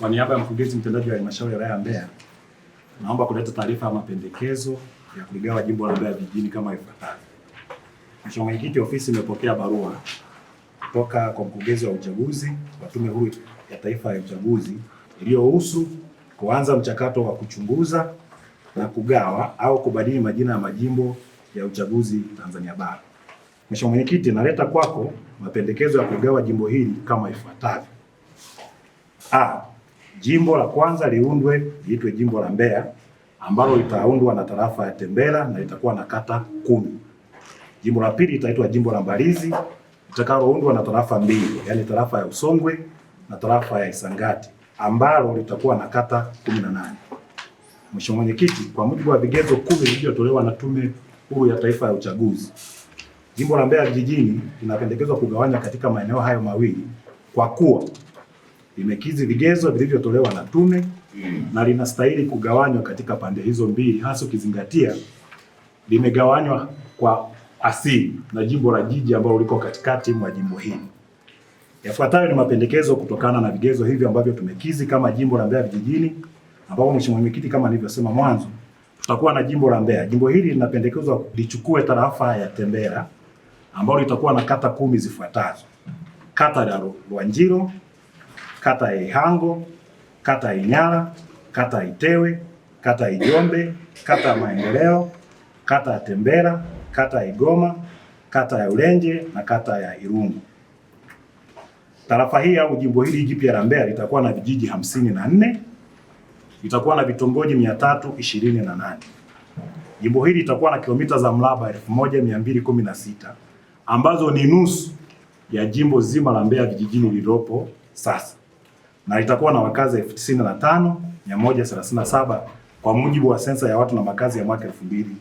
Kwa niaba ya mkurugenzi mtendaji wa halmashauri ya wilaya ya Mbeya, naomba kuleta taarifa ya mapendekezo ya kuligawa jimbo la Mbeya vijijini kama ifuatavyo. Mheshimiwa Mwenyekiti, ofisi imepokea barua kutoka kwa mkurugenzi wa uchaguzi wa Tume Huru ya Taifa ya Uchaguzi iliyohusu kuanza mchakato wa kuchunguza na kugawa au kubadili majina ya majimbo ya uchaguzi Tanzania Bara. Mheshimiwa Mwenyekiti, naleta kwako mapendekezo ya kugawa jimbo hili kama ifuatavyo. A, Jimbo la kwanza liundwe liitwe jimbo la Mbeya ambalo litaundwa na tarafa ya Tembela na litakuwa na kata kumi. Jimbo la pili litaitwa jimbo la Mbalizi litakaloundwa na tarafa mbili, yaani tarafa ya Usongwe na tarafa ya Isangati ambalo litakuwa na kata nane. Mheshimiwa Mwenyekiti, kwa mujibu wa vigezo kumi vilivyotolewa na Tume Huru ya Taifa ya Uchaguzi, jimbo la Mbeya vijijini linapendekezwa kugawanya katika maeneo hayo mawili kwa kuwa limekizi vigezo vilivyotolewa na tume mm. na linastahili kugawanywa katika pande hizo mbili, hasa ukizingatia limegawanywa kwa asili na jimbo la jiji ambalo liko katikati mwa jimbo hili. Yafuatayo ni mapendekezo kutokana na vigezo hivyo ambavyo tumekizi kama jimbo la Mbeya vijijini, ambapo mheshimiwa mwenyekiti, kama nilivyosema mwanzo, tutakuwa na jimbo la Mbeya. Jimbo hili linapendekezwa lichukue tarafa ya Tembela ambalo litakuwa na kata kumi zifuatazo: kata ya Rwanjiro, kata ya Ihango, kata ya Inyala, kata ya Itewe, kata ya Ijombe, kata ya Maendeleo, kata ya Tembera, kata ya Igoma, kata ya Ulenje na kata ya Irungu. Tarafa hii au jimbo hili jipya la Mbeya litakuwa na vijiji hamsini na nne, itakuwa na vitongoji mia tatu ishirini na 328. Jimbo hili litakuwa na kilomita za mraba sita ambazo ni nusu ya jimbo zima la Mbeya vijijini lililopo sasa na itakuwa na wakazi elfu tisini na tano mia moja thelathini na saba kwa mujibu wa sensa ya watu na makazi ya mwaka elfu mbili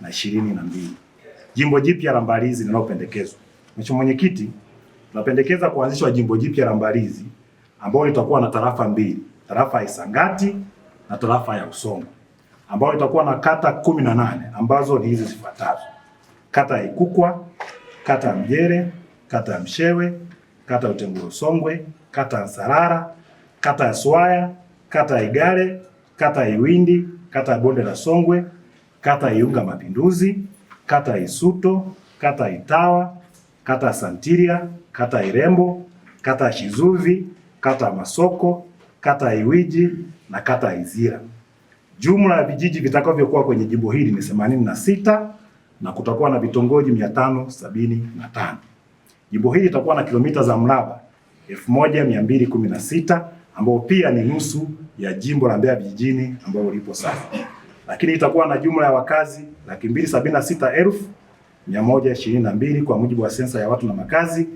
na ishirini na mbili. Jimbo jipya la Mbalizi linalopendekezwa. Mheshimiwa Mwenyekiti, tunapendekeza kuanzishwa jimbo jipya la Mbalizi ambalo litakuwa na tarafa mbili, tarafa ya Isangati na tarafa ya Usongo ambayo itakuwa na kata kumi na nane ambazo ni hizi zifuatazo: kata ya Ikukwa, kata ya Mjere, kata ya Mshewe, kata ya Utengule Usongwe, kata ya Nsarara kata ya Swaya, kata ya Igare, kata ya Iwindi, kata ya Bonde la Songwe, kata ya Iunga Mapinduzi, kata ya Isuto, kata ya Itawa, kata ya Santiria, kata ya Irembo, kata ya Shizuvi, kata ya Masoko, kata ya Iwiji na kata ya Izira. Jumla ya vijiji vitakavyokuwa kwenye jimbo hili ni 86 na kutakuwa na vitongoji 575. Jimbo hili litakuwa na kilomita za mraba 1216 ambao pia ni nusu ya jimbo la Mbeya vijijini ambalo lipo sasa, lakini itakuwa na jumla ya wakazi laki mbili sabini na sita elfu mia moja ishirini na mbili kwa mujibu wa sensa ya watu na makazi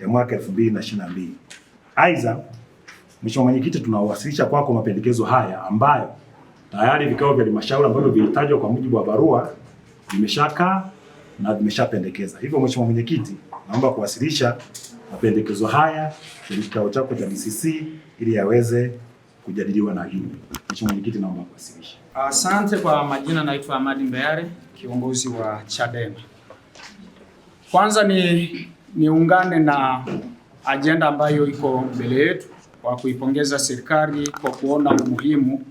ya mwaka elfu mbili na na 2022. Aidha, Mheshimiwa Mwenyekiti, tunawasilisha kwako kwa mapendekezo haya ambayo tayari vikao vya halmashauri ambavyo vilitajwa kwa mujibu wa barua vimeshakaa na vimeshapendekeza. Hivyo Mheshimiwa Mwenyekiti, naomba kuwasilisha mapendekezo haya kwenye kikao chako cha ili yaweze kujadiliwa na juu. Mheshimiwa Mwenyekiti, naomba kuwasilisha. Asante. Kwa majina naitwa amadi Mbeare, kiongozi wa Chadema. Kwanza ni niungane na ajenda ambayo iko mbele yetu kwa kuipongeza serikali kwa kuona umuhimu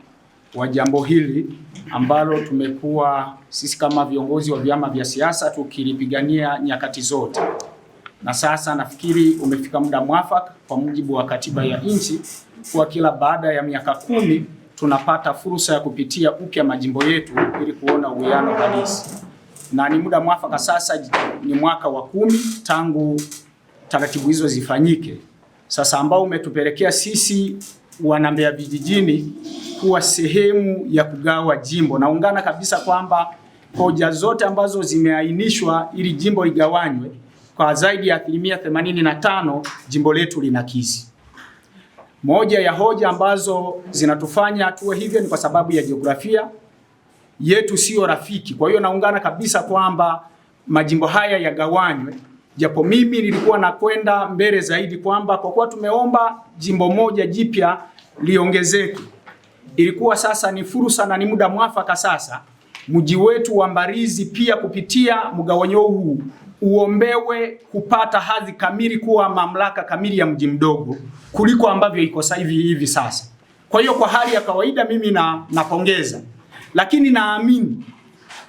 wa jambo hili ambalo tumekuwa sisi kama viongozi wa vyama vya siasa tukilipigania nyakati zote na sasa nafikiri umefika muda mwafaka kwa mujibu wa katiba ya nchi kuwa kila baada ya miaka kumi tunapata fursa ya kupitia upya majimbo yetu ili kuona uwiano halisi, na ni muda mwafaka sasa. Ni mwaka wa kumi tangu taratibu hizo zifanyike sasa, ambao umetupelekea sisi wana Mbeya vijijini kuwa sehemu ya kugawa jimbo. Naungana kabisa kwamba hoja zote ambazo zimeainishwa ili jimbo igawanywe kwa zaidi ya asilimia tano jimbo letu linakizi. Moja ya hoja ambazo zinatufanya tuwe hivyo ni kwa sababu ya jiografia yetu siyo rafiki. Kwa hiyo naungana kabisa kwamba majimbo haya yagawanywe, japo mimi nilikuwa nakwenda mbele zaidi kwamba kwa kuwa tumeomba jimbo moja jipya liongezeke, ilikuwa sasa ni fursa na ni muda mwafaka sasa mji wetu wa Mbarizi pia kupitia mgawanyo huu uombewe kupata hadhi kamili kuwa mamlaka kamili ya mji mdogo kuliko ambavyo iko sasa hivi hivi sasa. Kwa hiyo kwa hali ya kawaida mimi na napongeza, lakini naamini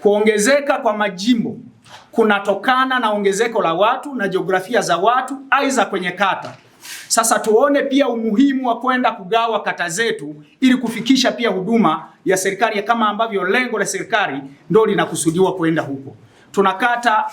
kuongezeka kwa majimbo kunatokana na ongezeko la watu na jiografia za watu, aidha kwenye kata. Sasa tuone pia umuhimu wa kwenda kugawa kata zetu ili kufikisha pia huduma ya serikali kama ambavyo lengo la serikali ndio linakusudiwa kwenda huko tuna kata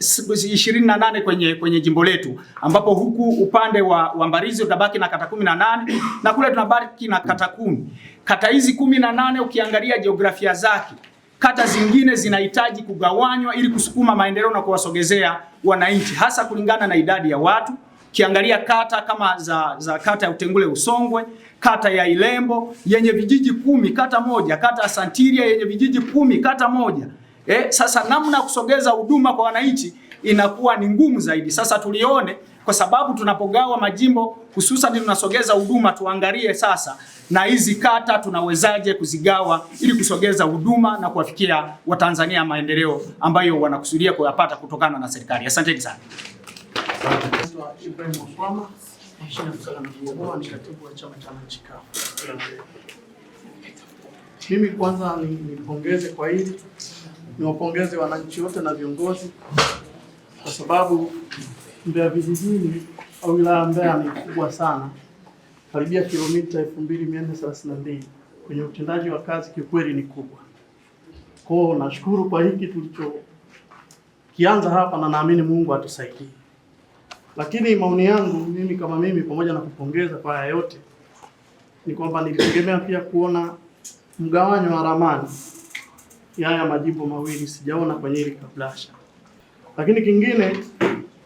28 kwenye, kwenye jimbo letu ambapo huku upande wa, wa Mbarizi utabaki na kata 18 na kule tunabaki na kata kumi. Kata hizi kumi na nane ukiangalia jiografia zake kata zingine zinahitaji kugawanywa ili kusukuma maendeleo na kuwasogezea wananchi hasa kulingana na idadi ya watu. Ukiangalia kata kama za, za kata ya Utengule Usongwe, kata ya Ilembo yenye vijiji kumi kata moja, kata ya Santiria yenye vijiji kumi kata moja. Eh, sasa namna ya kusogeza huduma kwa wananchi inakuwa ni ngumu zaidi. Sasa tulione, kwa sababu tunapogawa majimbo hususan tunasogeza huduma, tuangalie sasa na hizi kata tunawezaje kuzigawa ili kusogeza huduma na kuwafikia Watanzania maendeleo ambayo wanakusudia kuyapata kutokana na serikali. Asanteni sana. Mimi kwanza nipongeze kwa hili Niwapongeze wananchi wote na viongozi kwa sababu Mbeya vijijini au wilaya Mbeya ni kubwa sana, karibia kilomita 2432 kwenye utendaji wa kazi, kikweli ni kubwa. Kwa hiyo nashukuru kwa hiki kianza hapa, na naamini Mungu atusaidie. Lakini maoni yangu mimi kama mimi, pamoja na kupongeza kwa haya yote, ni kwamba nilitegemea pia kuona mgawanyo wa ramani haya majimbo mawili sijaona kwenye hili kablasha. Lakini kingine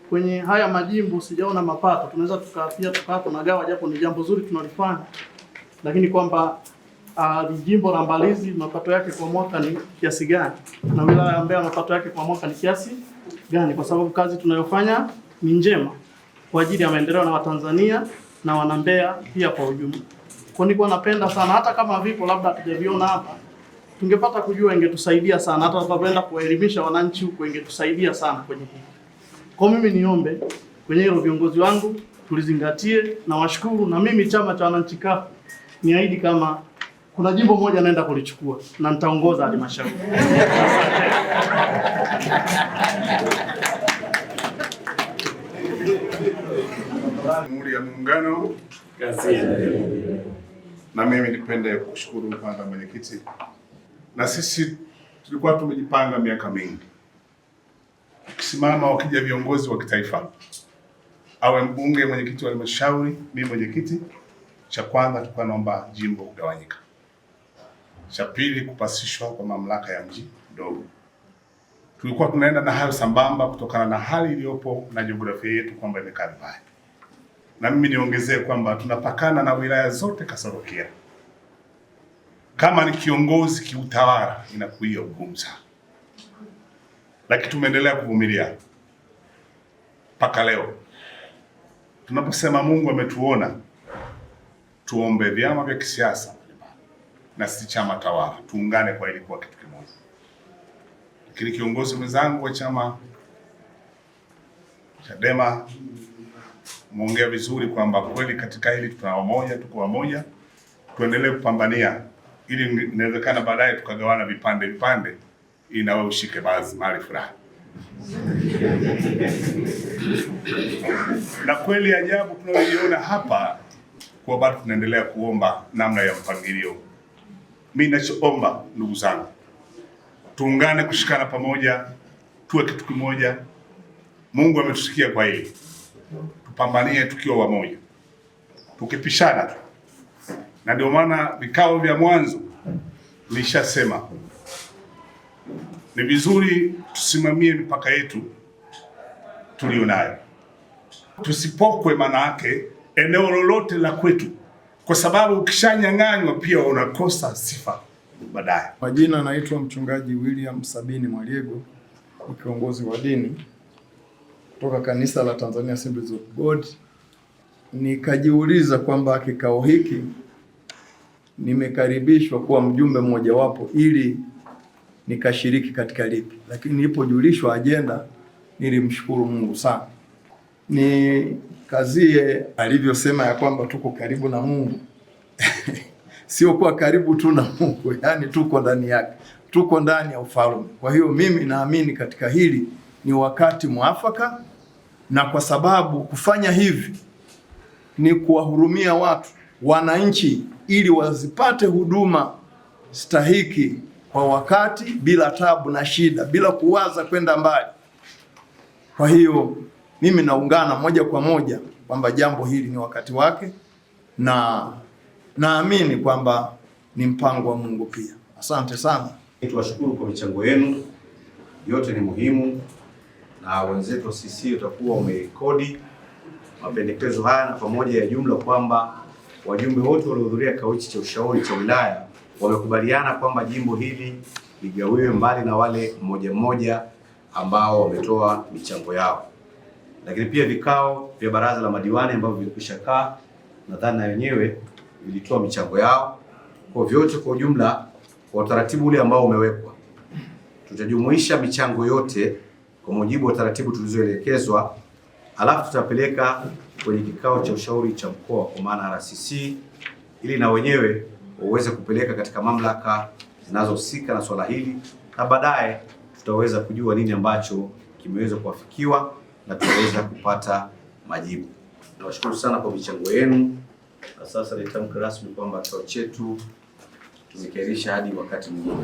kwenye haya majimbo sijaona mapato. Tunaweza tukapia na gawa, japo ni jambo zuri tunalifanya, lakini kwamba uh, jimbo la Mbalizi mapato yake kwa mwaka ni kiasi gani na wilaya ya Mbeya mapato yake kwa mwaka ni kiasi gani, kwa sababu kazi tunayofanya ni njema kwa ajili ya maendeleo na Watanzania na wanambea pia kwa ujumla. Kwa nilikuwa napenda sana hata kama vipo labda tujaviona hapa tungepata kujua ingetusaidia sana, hata tunapoenda kuwaelimisha wananchi huko ingetusaidia sana kwenye hili. Kwa mimi niombe kwenye hilo viongozi wangu tulizingatie, na washukuru. Na mimi chama cha wananchi CUF niahidi kama kuna jimbo moja naenda kulichukua na nitaongoza halmashauri. Jamhuri ya Muungano. Na mimi nipende kushukuru kwanza mwenyekiti na sisi tulikuwa tumejipanga miaka mingi, ukisimama wakija viongozi wa kitaifa, awe mbunge, mwenyekiti wa halmashauri, mimi mwenyekiti, cha kwanza tulikuwa naomba jimbo kugawanyika, cha pili kupasishwa kwa mamlaka ya mji mdogo. Tulikuwa tunaenda na hayo sambamba, kutokana na hali iliyopo na jiografia yetu kwamba imekaa vibaya, na mimi niongezee kwamba tunapakana na wilaya zote kasoro Kyela kama ni kiongozi kiutawala, inakuia ugumu sana, lakini tumeendelea kuvumilia mpaka leo. Tunaposema Mungu ametuona, tuombe vyama vya kisiasa na si chama tawala, tuungane kwa ili kuwa kitu kimoja. Lakini kiongozi mwenzangu wa chama Chadema umeongea vizuri kwamba kweli katika hili tuna wamoja, tuko wamoja, tuendelee kupambania ili inawezekana baadaye tukagawana vipande vipande, ili nawe ushike baadhi mali fulani. Na kweli ajabu tunayoiona hapa kwa bado tunaendelea kuomba namna ya mpangilio. Mimi ninachoomba ndugu zangu, tuungane kushikana pamoja, tuwe kitu kimoja. Mungu ametusikia kwa hili, tupambanie tukiwa wamoja, tukipishana na ndio maana vikao vya mwanzo nishasema ni vizuri tusimamie mipaka yetu tulionayo, tusipokwe maana yake eneo lolote la kwetu, kwa sababu ukishanyang'anywa pia unakosa sifa baadaye. jina anaitwa Mchungaji William Sabini Mwaliego, ni kiongozi wa dini kutoka kanisa la Tanzania Assemblies of God. Nikajiuliza kwamba kikao hiki nimekaribishwa kuwa mjumbe mmojawapo ili nikashiriki katika lipi, lakini nilipojulishwa ajenda nilimshukuru Mungu sana. Ni kazie alivyosema ya kwamba tuko karibu na Mungu sio kuwa karibu tu na Mungu, yani tuko ndani yake, tuko ndani ya ufalme. Kwa hiyo mimi naamini katika hili ni wakati mwafaka, na kwa sababu kufanya hivi ni kuwahurumia watu wananchi ili wazipate huduma stahiki kwa wakati bila tabu na shida, bila kuwaza kwenda mbali. Kwa hiyo mimi naungana moja kwa moja kwamba jambo hili ni wakati wake, na naamini kwamba ni mpango wa Mungu pia. Asante sana, tuwashukuru kwa michango yenu yote, ni muhimu na wenzetu sisi utakuwa umerekodi mapendekezo haya na pamoja ya jumla kwamba wajumbe wote waliohudhuria kikao cha ushauri cha wilaya wamekubaliana kwamba jimbo hili ligawiwe mbali na wale mmoja mmoja ambao wametoa michango yao. Lakini pia vikao vya baraza la madiwani ambavyo vilikwisha kaa, nadhani na wenyewe vilitoa michango yao. Kwa vyote kwa ujumla, kwa utaratibu ule ambao umewekwa, tutajumuisha michango yote kwa mujibu wa taratibu tulizoelekezwa, alafu tutapeleka kwenye kikao cha ushauri cha mkoa kwa maana RCC, ili na wenyewe waweze kupeleka katika mamlaka zinazohusika na swala hili, na baadaye tutaweza kujua nini ambacho kimeweza kuafikiwa na tutaweza kupata majibu. Nawashukuru sana kwa michango yenu, na sasa nitamka rasmi kwamba kikao chetu tumekiahirisha hadi wakati mwingine.